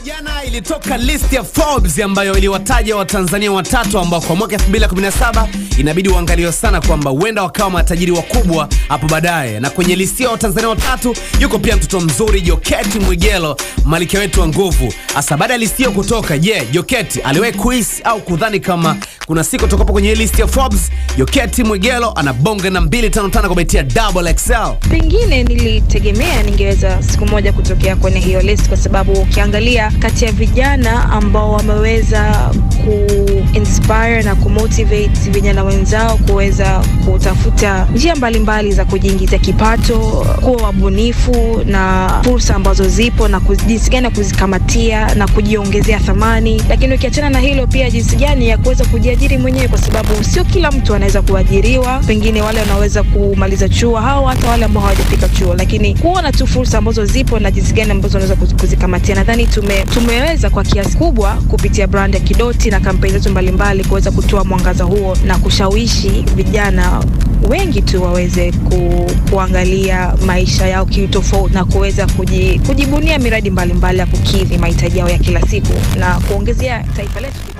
Bwana, jana ilitoka list ya Forbes ambayo iliwataja Watanzania watatu ambao kwa mwaka 2017 inabidi uangaliwe sana kwamba huenda wakawa matajiri wakubwa hapo baadaye, na kwenye listi ya Watanzania watatu yuko pia mtoto mzuri Joketi Mwigelo, malkia wetu wa nguvu. Hasa baada ya listi hiyo kutoka, je, yeah, Joketi aliwahi kuhisi au kudhani kama kuna siku tokapo kwenye list ya Forbes. yoketi Mwigelo ana bonge na 255 kupitia double XL. Pengine nilitegemea ningeweza siku moja kutokea kwenye hiyo list, kwa sababu ukiangalia kati ya vijana ambao wameweza kuinspire na kumotivate vijana wenzao kuweza kutafuta njia mbalimbali za kujiingiza kipato, kuwa wabunifu na fursa ambazo zipo na jinsi gani ya kuzikamatia na kujiongezea thamani. Lakini ukiachana na hilo, pia jinsi gani ya kuweza kujiajiri mwenyewe, kwa sababu sio kila mtu anaweza kuajiriwa, pengine wale wanaweza kumaliza chuo au hata wale ambao hawajafika chuo, lakini kuona tu fursa ambazo zipo na jinsi gani ambazo unaweza kuzikamatia, nadhani tume, tumeweza kwa kiasi kubwa kupitia brand ya Kidoti na kampeni zetu mbalimbali kuweza kutoa mwangaza huo na kushawishi vijana wengi tu waweze ku, kuangalia maisha yao tofauti na kuweza kujibunia miradi mbalimbali ya kukidhi mahitaji yao ya kila siku na kuongezea taifa letu.